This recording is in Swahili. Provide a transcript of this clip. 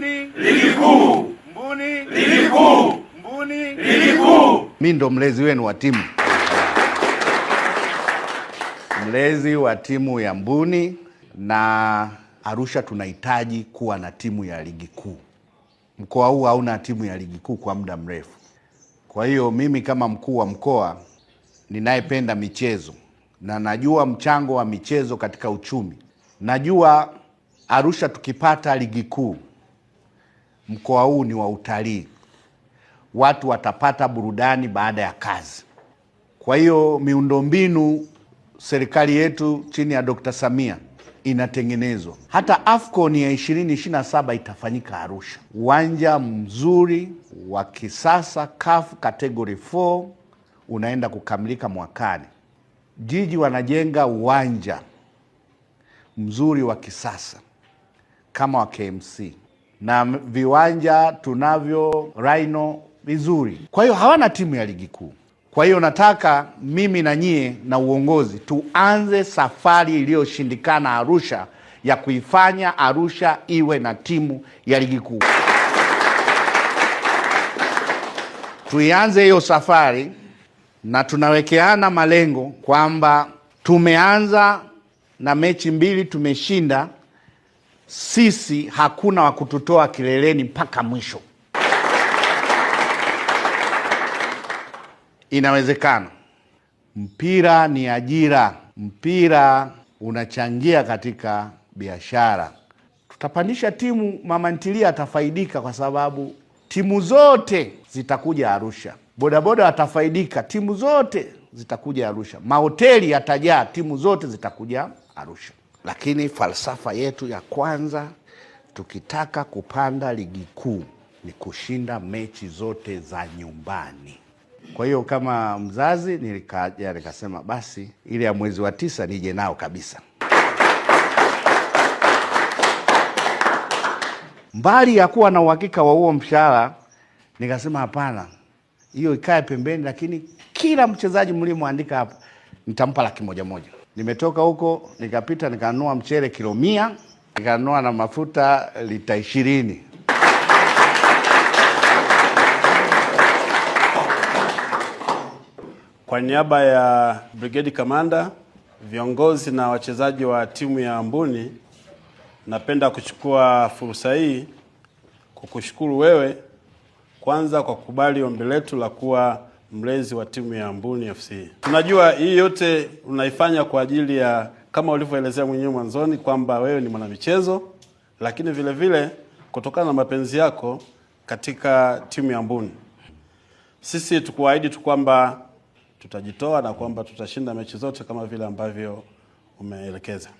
Mbuni ligi kuu, Mbuni ligi kuu, Mbuni ligi kuu. Mimi ndo mlezi wenu wa timu, mlezi wa timu ya Mbuni na Arusha tunahitaji kuwa na timu ya ligi kuu. Mkoa huu hauna timu ya ligi kuu kwa muda mrefu. Kwa hiyo mimi kama mkuu wa mkoa ninayependa michezo na najua mchango wa michezo katika uchumi, najua Arusha tukipata ligi kuu mkoa huu ni wa utalii, watu watapata burudani baada ya kazi. Kwa hiyo miundombinu serikali yetu chini ya Dkt. Samia inatengenezwa. Hata AFCON ya 2027 itafanyika Arusha, uwanja mzuri wa kisasa CAF category 4 unaenda kukamilika mwakani. Jiji wanajenga uwanja mzuri wa kisasa kama wa KMC na viwanja tunavyo Rhino vizuri, kwa hiyo hawana timu ya ligi kuu. Kwa hiyo nataka mimi na nyie na uongozi tuanze safari iliyoshindikana Arusha ya kuifanya Arusha iwe na timu ya ligi kuu. Tuianze hiyo safari na tunawekeana malengo kwamba tumeanza na mechi mbili tumeshinda sisi hakuna wa kututoa kileleni mpaka mwisho. Inawezekana. Mpira ni ajira, mpira unachangia katika biashara. Tutapandisha timu, mama ntilia atafaidika kwa sababu timu zote zitakuja Arusha, bodaboda watafaidika, timu zote zitakuja Arusha, mahoteli yatajaa, timu zote zitakuja Arusha. Lakini falsafa yetu ya kwanza tukitaka kupanda ligi kuu ni kushinda mechi zote za nyumbani. Kwa hiyo kama mzazi nilikaja nikasema basi ile ya mwezi wa tisa nije nao kabisa. Mbali ya kuwa na uhakika wa huo mshahara, nikasema hapana, hiyo ikae pembeni, lakini kila mchezaji mlimwandika hapa nitampa laki moja moja. Nimetoka huko nikapita nikanunua mchele kilo mia, nikanunua na mafuta lita ishirini. Kwa niaba ya brigedi kamanda, viongozi na wachezaji wa timu ya Mbuni, napenda kuchukua fursa hii kukushukuru wewe kwanza kwa kubali ombi letu la kuwa mlezi wa timu ya Mbuni FC. Tunajua hii yote unaifanya kwa ajili ya kama ulivyoelezea mwenyewe mwanzoni kwamba wewe ni mwanamichezo, lakini vile vile kutokana na mapenzi yako katika timu ya Mbuni. Sisi tukuahidi tu kwamba tutajitoa na kwamba tutashinda mechi zote kama vile ambavyo umeelekeza.